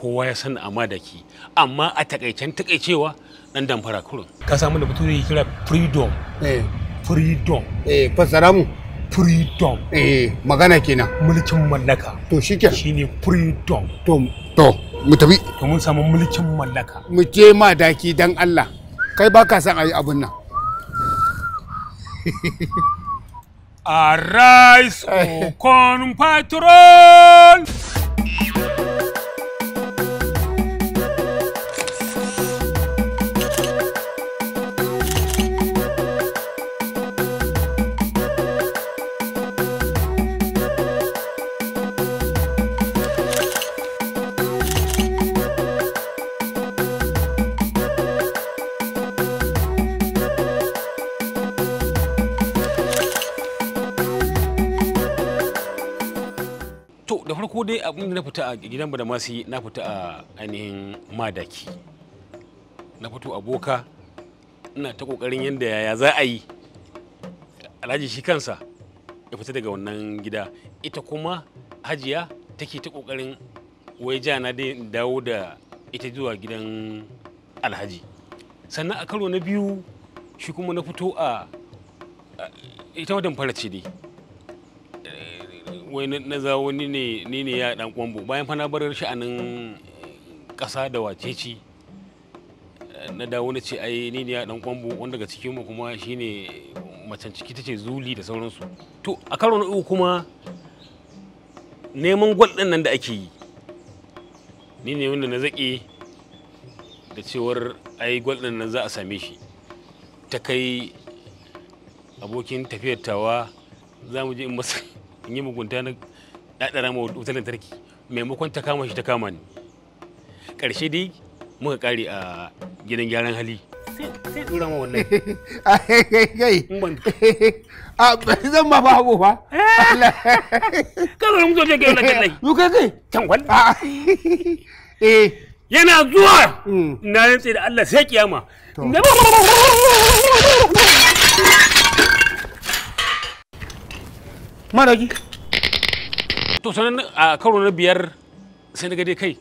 kowa ya san amma da amma a takaicen takaicewa dan damfara kurun ka samu da bature kira freedom eh freedom eh fasara mu freedom eh magana kenan mulkin mallaka to shike shine freedom to to mu to mun samu mulkin mallaka mu je ma daki dan Allah kai ba ka san ayi abun nan Arise, eh. O Corn Patrol! da farko dai abin na fita a gidan da masu na fita a ainihin madaki na fito aboka ina ta kokarin yadda yaya za a yi alhaji shi kansa ya fita daga wannan gida ita kuma hajiya take ta kokarin wai jana dai dawo da ita zuwa gidan alhaji sannan a karo na biyu shi kuma na fito a ita wadda fara ce dai wai na za wani ne ni ne ya dan kwambo bayan fa na sha'anin ƙasa da waceci na dawo wani ce ai ni ne ya dan kwambo wanda daga cikin mu kuma shine macen ciki tace zuli da sauransu to a karo na uku kuma neman gwal din nan da ake yi ni ne wanda na zaƙe da cewar ai gwal din nan za a same shi ta kai abokin tafiyar tawa za mu je in masa in yi mugunta na ɗaɗara ma wutar lantarki maimakon ta kama shi ta kama ni ƙarshe dai muka kare a gidan gyaran hali sai dora ma wannan a ah, zan ma ba hago fa eh! ka zo mutum zai kai wannan kallai yu eh, kai kai tankwal ah, ah. eh yana zuwa mm. na yin tsaye da Allah sai kiyama maraki to sanan a karo na biyar sai na ga dai kai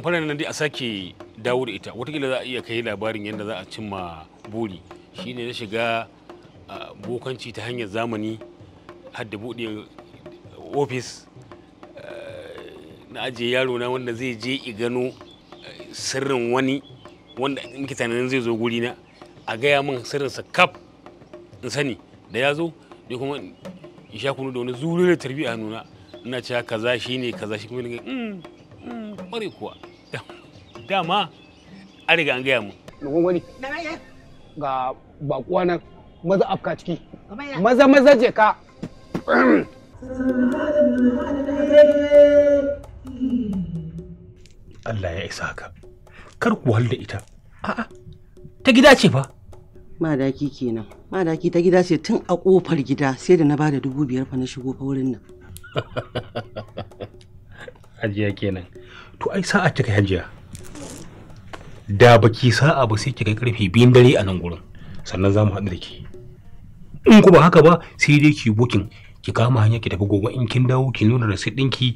fara nan dai a sake dawo da ita kila za a iya kai labarin yadda za a cimma buri shine na shiga bokanci ta hanyar zamani har da buɗe ofis na ajiye yaro na wanda zai je i gano sirrin wani wanda muke tunanin zai zo guri na a gaya min sirrinsa kaf in sani da ya zo kuma ya kunu da wani zuru da tarbi nuna ina cewa kaza shi ne kaza shi kuma ne. ƙware mm, mm, kuwa dama a riga an gaya mu. Nukun wani ga bakuwa nan maza afka ciki maza maza je ka. Allah ya isa haka kar ku halda ita a'a ta gida ce fa. madaki kenan madaki ta gida ce tun a kofar gida sai da na ba da dubu biyar fa na shigo fa wurin nan hajiya kenan to ai sa'a kika hajiya da baki sa'a ba sai kika karfe biyun dare a nan gurin sannan za mu haɗu da ke in ku ba haka ba sai dai ki bukin ki kama hanya ki tafi gobe in kin dawo ki nuna rasit ɗinki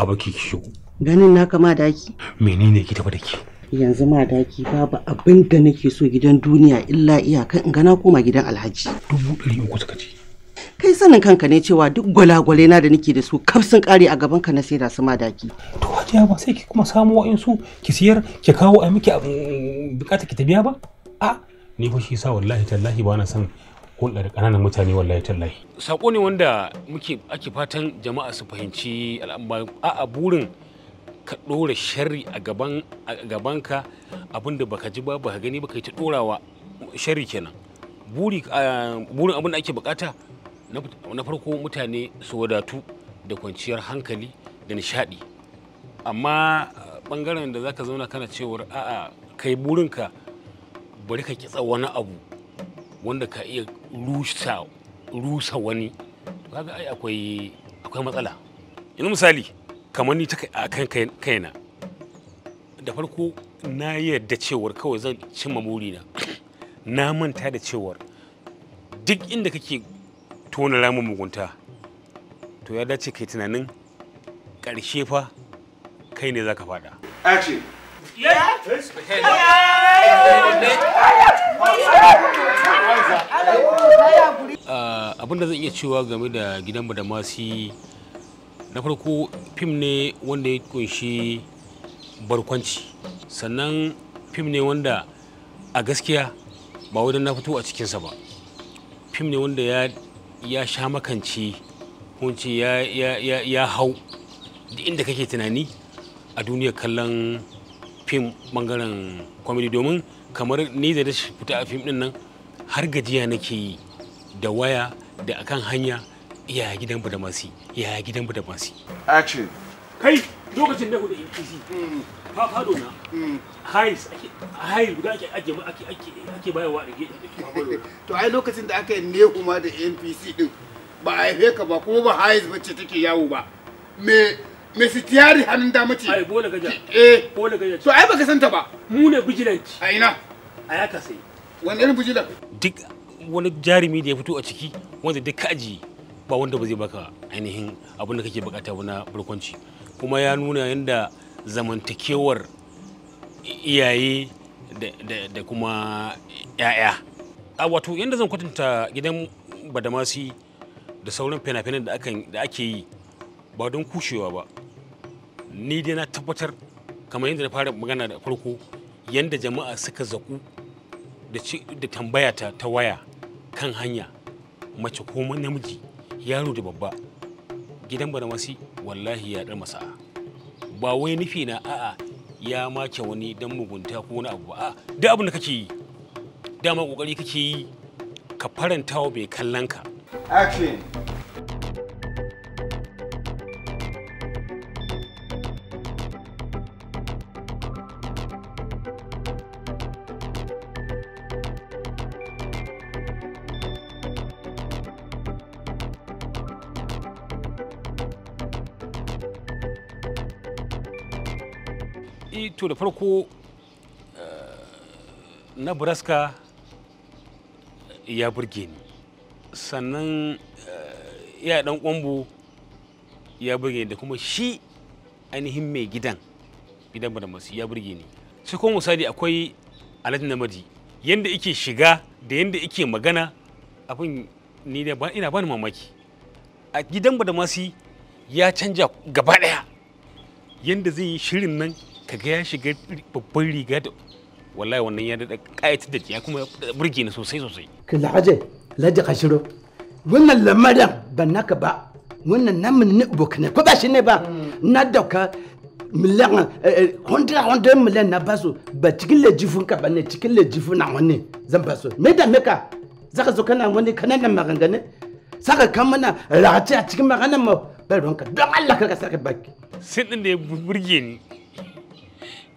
a baki ki shigo ganin na kama daki menene ki tafi da ki yanzu ma daki babu abin da nake so gidan duniya illa iyaka in gana koma gidan alhaji dubu ɗari uku suka ce kai sanin kanka ne cewa duk gwalagwale na da nake da su kaf sun kare a gaban ka na saida su ma daki to hajiya ba sai ki kuma samu wa'insu ki siyar ki kawo a miki bukata ki ta ba a ni fa shi sa wallahi tallahi ba na san hulɗar ƙananan mutane wallahi tallahi saƙo ne wanda muke ake fatan jama'a su fahimci al'amma a burin ka ɗora shari a gabanka abinda baka ji ba baka gani baka yi ta ɗorawa sharri kenan burin abin da ake bukata na farko mutane su wadatu da kwanciyar hankali da nishaɗi amma ɓangaren da zaka zauna kana cewar a'a kai burinka bari ka kitsa wani abu wanda ka iya rusa wani kaga ai akwai matsala yanzu misali kamar ni ta a kan kaina da farko na yarda cewar kawai zan cimma burina na na manta da cewar duk inda kake tona ramin mugunta to ya dace kai tunanin ƙarshe fa kai ne za ka faɗa. Action! Ah, abin da zan iya cewa game da gidan da masu na farko fim ne wanda ya kunshi barkwanci sannan fim ne wanda a gaskiya ba wajen na fito a cikinsa ba fim ne wanda ya ya sha makanci kunci ya, hau da inda kake tunani a duniya kallon fim bangaren kwamidi domin kamar ni da na fita a fim din nan har gajiya nake yi da waya da akan hanya ya gidan da masu ya gidan da masu action kai lokacin da hudu APC fa fado na hais hmm. ake hais guda ake ake ake ake bayarwa da gidan to ai lokacin da aka yi nehu ma da NPC din ba a haife ka ba ko ba hais bace take yawo ba me me sitiyari hannun da mace. ai bola gaja eh bola gaja to ai baka santa ba mu ne vigilance. a ina a yaka sai wani irin vigilance? duk wani jarumi da ya fito a ciki wanda duk kaji ba wanda ba zai baka ainihin abin da kake bukata na barkwanci kuma ya nuna yadda zamantakewar iyaye da kuma 'ya'ya a wato yadda zan kwatanta gidan badamasi da sauran fina-finan da ake yi ba don kushewa ba ni dai na tabbatar kamar yadda na fara magana da farko yadda jama'a suka zaku da tambaya ta waya kan hanya mace ko namiji yaro da babba gidan masi wallahi ya dar masa ba wai nufi na a'a ya make wani dan mugunta ko wani abu ba da abin da kake yi dama kokari kake yi ka faranta wa mai kallon ka action Eh, to da farko eh, na buraska eh, ya burge ni sannan ya dan kwambo ya burge da kuma shi ainihin mai gidan gidan masu ya burge ni sai kuma misali akwai alhaji namadi yadda ike shiga da yadda ike magana abin ni da ina bani mamaki a gidan masu ya canja gaba daya yadda zai yi shirin nan kaga ya shiga babban riga da wallahi wannan ya daɗa ƙayata da ya kuma burge ni sosai sosai ka laje laje ka shiro wannan lamarin ban naka ba wannan namun ne bokane ko ba shi ne ba hmm. na dauka miliyan hundra eh, eh, hundra miliyan na basu ba cikin lejifin ka ba ne cikin lejifin na wani zan basu me da meka zaka zo kana wani nan maganganu saka kan mana race a cikin maganan ma bai ruwanka don Allah ka saka baki sai din da ya burge ni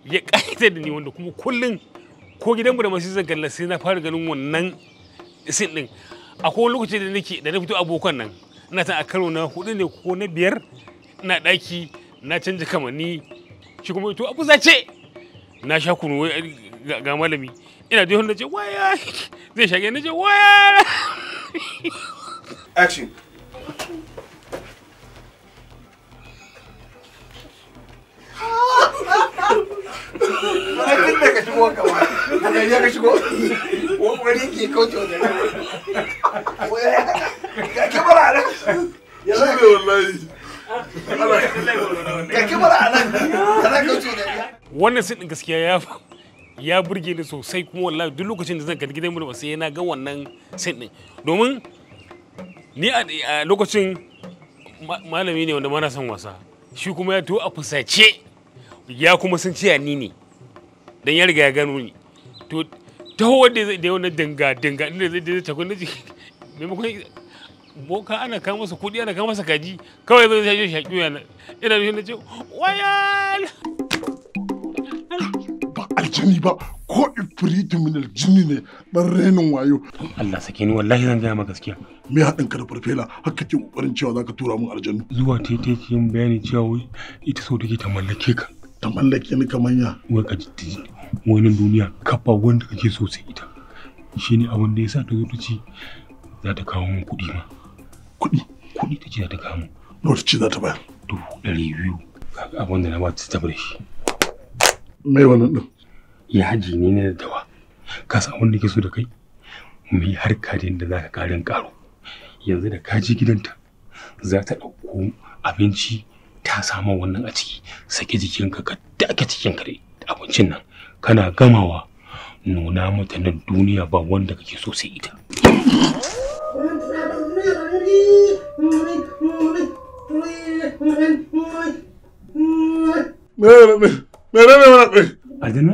ya ƙayatar da ni wanda kuma kullum ko gidan da masu zan kalla sai na fara ganin wannan sin din akwai lokaci da nake da na fito abokan nan ina ta a karo na hudu ne ko na biyar ina daki na canja kamanni shi kuma to abu zace na sha kunu ga malami ina da na ce waya zai shage na ce waya action ai tun da ka ya ka ya gaskiya ya ya burge ni sosai kuma wallahi duk lokacin da zan kalli gidan mu sai na ga wannan sin din domin ni a lokacin malami ne wanda mana son wasa shi kuma ya to a fusace ya kuma sun ce ni ne dan ya riga ya gano ni to taho wanda zai da wani danga danga inda zai zai tafi na maimakon boka ana kawo masa kudi ana kawo masa kaji kawai zai shaƙi shaƙi yana ina da shi na ce wayal ba aljani ba ko ifritu min aljini ne dan renin wayo Allah sake ni wallahi zan gaya maka gaskiya me hadin ka da farfela har kake kokarin cewa zaka tura mun aljanu zuwa tete kin yin bayani cewa wai ita so take ta mallake ka ta mallake ni kamar ya waka jiddi wannan duniya kafa wanda kake so sai ita shine abin da yasa ta zo ta ci za ta kawo mun kuɗi ma kuɗi kuɗi ta ce za ta kawo mun nawa ta ce za ta bayar dubu ɗari biyu kaga abin da na ba ta tabar shi mai wannan din ya haji ne da dawa ka san abin da ke so da kai mu yi harka da yadda za ka karin karo yanzu da ka je gidanta za ta ɗauko abinci ta samu wannan a ciki saki jikinka ka dake cikin kare abincin nan kana gamawa nuna mata nan duniya ba wanda kake so sai ita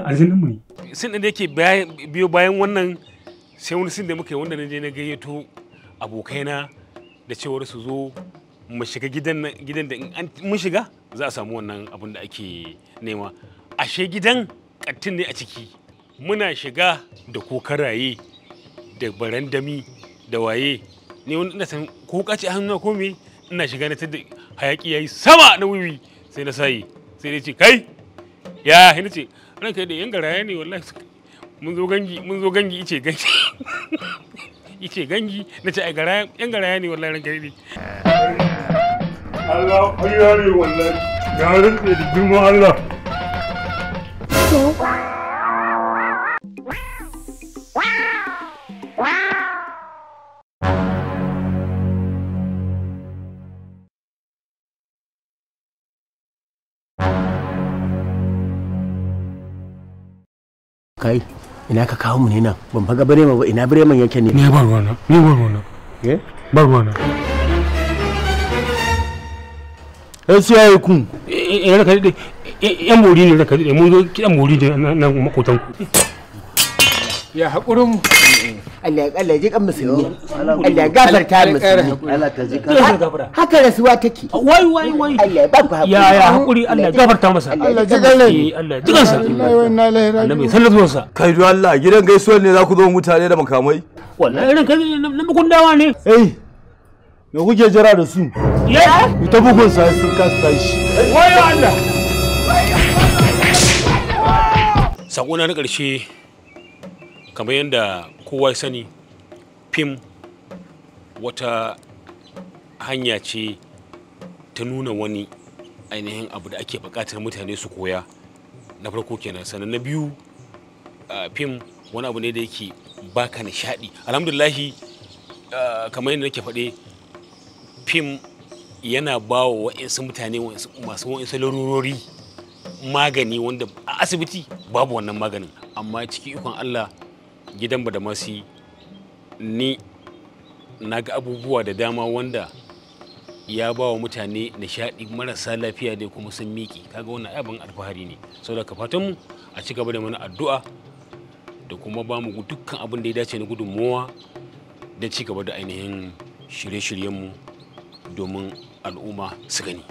Aljanin Sin da yake biyo bayan wannan sai wani sin da muka yi wanda na je na gayyato abokaina da cewar su zo mu shiga gidan gidan da in mun shiga za a samu wannan abin da ake nema ashe gidan kattin ne a ciki muna shiga da kokaraye da barandami da waye ne wani ina san ko kace a hannu ko me ina shiga na tada hayaki yayi sama na wiwi sai na sai sai ne ce kai ya hin ce ran kai da yan garaya ne wallahi mun zo gangi mun zo gangi ice gangi ice gangi na ce ai garaya yan garaya ne wallahi ran kai ne Allah ƙarya ne wannan ya rike da girman Allah. kai ina ka kawo mu ne nan ban faga bare ba ina bare man yake ne ne ba ruwana ne ba ruwana eh ba ruwana Eh, sai ya yi kun in eh, eh, raka daɗe yan mori ne raka daɗe mun zo kiɗan mori ne na makotan ku ya haƙurin Allah ya Allah ya ji kan musulmi Allah ya gafarta musulmi Allah ka ji kan haka rasuwa take wai ah, wai wai Allah ya ba ku ya ya haƙuri Allah ya gafarta masa Allah ya ji kan Allah ya ji kan sa Allah mai sa kai Allah gidan gaisuwar ne za ku zo mutane da makamai wallahi irin kai na mukundawa ne eh Me kuke jira da su? Ita bugun sai sun kasa tashi. wai Allah! sako na ƙarshe kamar yadda kowa ya sani fim wata hanya ce ta nuna wani ainihin abu da ake buƙatar mutane su koya na farko kenan sannan na biyu fim wani abu ne da yake baka nishaɗi alhamdulahi kamar yadda nake faɗe fim yana ba wa wa'insu mutane masu wa'insu larurori magani wanda a asibiti babu wannan maganin amma ciki ikon allah gidan ba da masu ni na ga abubuwa da dama wanda ya ba wa mutane nishaɗi marasa lafiya dai kuma sun miƙi kaga wannan abin alfahari ne saboda fatan mu a ci gaba da mana addu'a da kuma ba mu dukkan abin da ya dace na gudunmowa da ci gaba da ainihin shirye-shiryenmu domin al'umma su gani